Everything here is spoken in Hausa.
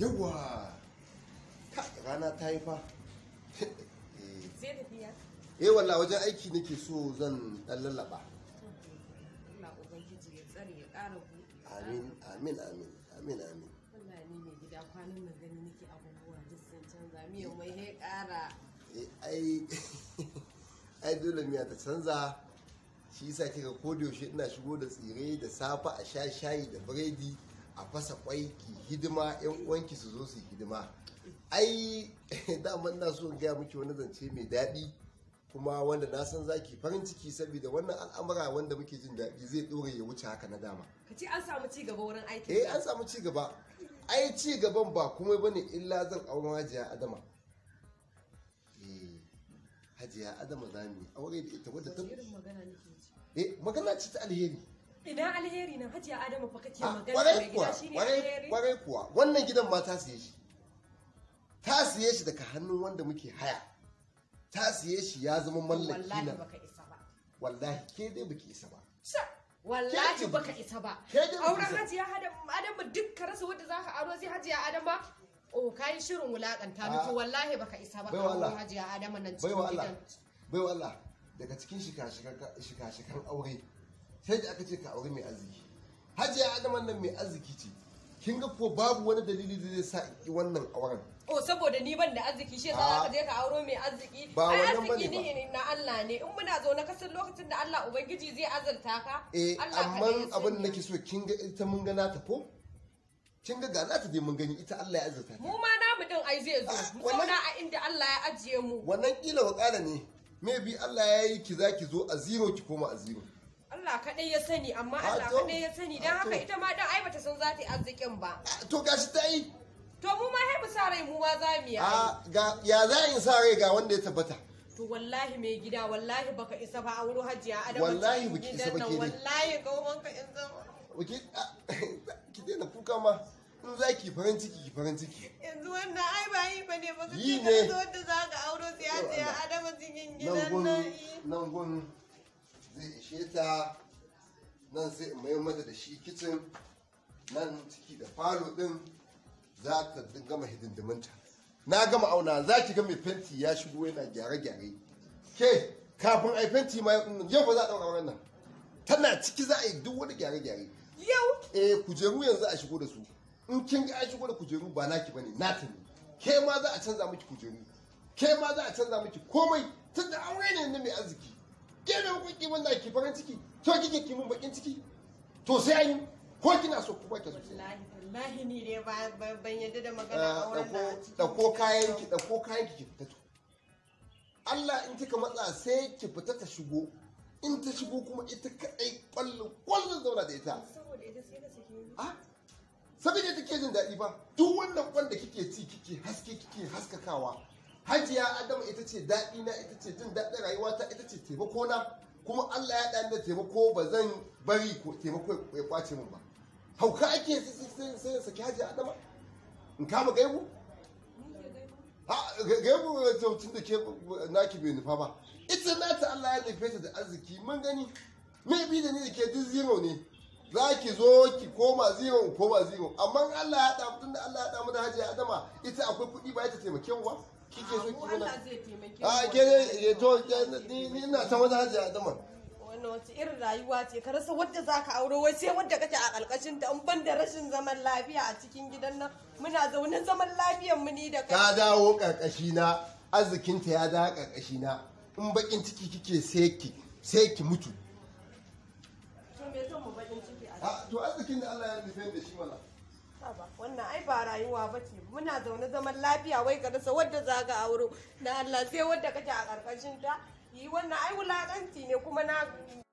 yawa rana ta yi fa eh walla wajen aiki nake so zan dan lallaba amin amin amin amin amin eh, ai ai dole miya ta canza shi yasa kika kodayaushe ina shigo da tsire da safa a sha shayi da biredi a fasa kwai ki hidima yan uwanki su zo su hidima ai daman na so gaya miki wani zance mai daɗi kuma wanda na san zaki farin ciki saboda wannan al'amura wanda muke jin daɗi zai ɗore ya wuce haka na dama ka ci an samu ci gaba wurin aiki eh an samu ci gaba ai ci gaban ba kuma bane illa zan auren hajiya adama eh hajiya adama za mu aure da ita wadda ta eh, magana ce ta alheri idan alheri na hajiya adamu fa kake ah, magana mai gida shine ƙwarai kuwa wannan gidan ma ta siye shi ta siye shi daga hannun wanda muke haya ta siye shi ya zama mallaki na wallahi isa ba ke dai baki isa ba wallahi baka isa ba auren hajiya adamu duk karasa rasa wanda zaka aro zai hajiya adamu ba o yi shirin wulaƙanta mutu ah. wallahi baka isa ba ka hajiya adamu nan cikin gidan baiwa Allah daga cikin shika-shikan aure sai da aka ce ka auri mai arziki hajji ya adaman nan mai arziki ce kin ga ko babu wani dalili da zai sa ki wannan auren oh saboda ni ban da arziki shi yasa ka je ka auro mai arziki ba wannan bane ba arziki na Allah ne in muna zo na kasar lokacin da Allah ubangiji zai azurta ka eh amma abin da nake so kin ga ita mun ga nata ko kin ga gana ta dai mun gani ita Allah ya azurta mu ma namu din ai zai zo ah, mu zauna a inda Allah ya ajiye mu wannan kila wakala ne maybe Allah ya yi ki zaki zo a zero ki koma a zero Allah kaɗai ya sani amma Allah kaɗai ya sani don haka ita ma don ai bata san za ta yi arzikin ba to gashi ta yi to mu ma hai sa rai mu ma za mu yi ya za in sa rai ga wanda ya tabbata to wallahi mai gida wallahi baka isa ba a wurin hajiya adam wallahi baki isa ba ke wallahi ga wanka in zama ki daina kuka ma in za ki farin ciki ki farin ciki yanzu wannan ai ba yi ba ne ba ka ce ka zo wanda za ka auro sai ya ce adama cikin gidan nan nan gun zai ishe ta nan sai in mayan mata da shi kicin nan ciki da falo din za ta gama hidindiminta na gama auna za ki ga mai fenti ya shigo yana gyare-gyare ke kafin a yi fenti ma yau ba za a ɗaura wannan tana ciki za a yi duk wani gyare-gyare yau eh kujeru yanzu a shigo da su in kin ga a shigo da kujeru ba naki bane nata ne ke ma za a canza miki kujeru ke ma za a canza miki komai tunda aure ne na mai arziki ke ki wannan ki farin ciki to kike ki mun bakin ciki to sai an ko kina so ko baki so wallahi ni ne ba ban yadda da magana eh, a wannan da ko kayan ki da ko kayan ki ki fita to Allah in kika matsa sai ki fita ta shigo in ta shigo kuma ita kadai kwallon kwallo zauna da ita saboda ita sai ta sake ah take jin daɗi ba duk wannan wanda kike ci kike haske kike haskakawa hajiya adamu ita ce daɗi na ita ce jin daɗin rayuwata ita ce taimako na kuma Allah ya ɗan da taimako ba zan bari taimako ya kwace min ba hauka ake sai sai saki hajji adama in kama gaibu ha gaibu tun da ke naki bai nufa ba ita na ta Allah ya nufe ta da arziki mun gani me bi da ni da ke duk zero ne za ki zo ki koma zero koma zero amma Allah ya haɗa mutum da Allah ya haɗa mu da hajji adama ita akwai kuɗi ba ya ta taimake mu ba kike so ki mana a ah, ke ya eh, to ni ina san wata hajiya adama wannan wace irin rayuwa ce ka rasa wadda zaka aure wai sai wadda kake a kalkashin ta in ban da rashin zaman lafiya a cikin gidan nan muna zaune zaman lafiyar mu ni da kai ka dawo karkashi na arzikin ta ya dawo karkashi na in bakin ciki kike sai ki sai ki mutu to me son mu bakin ciki a ah, to arzikin da Allah ya nufe da shi mana ba wannan ai ba rayuwa ba ce muna zaune zaman lafiya wai ka rasa wadda za ka auro da Allah sai wadda kake a karkashin ta yi wannan ai wulakanci ne kuma na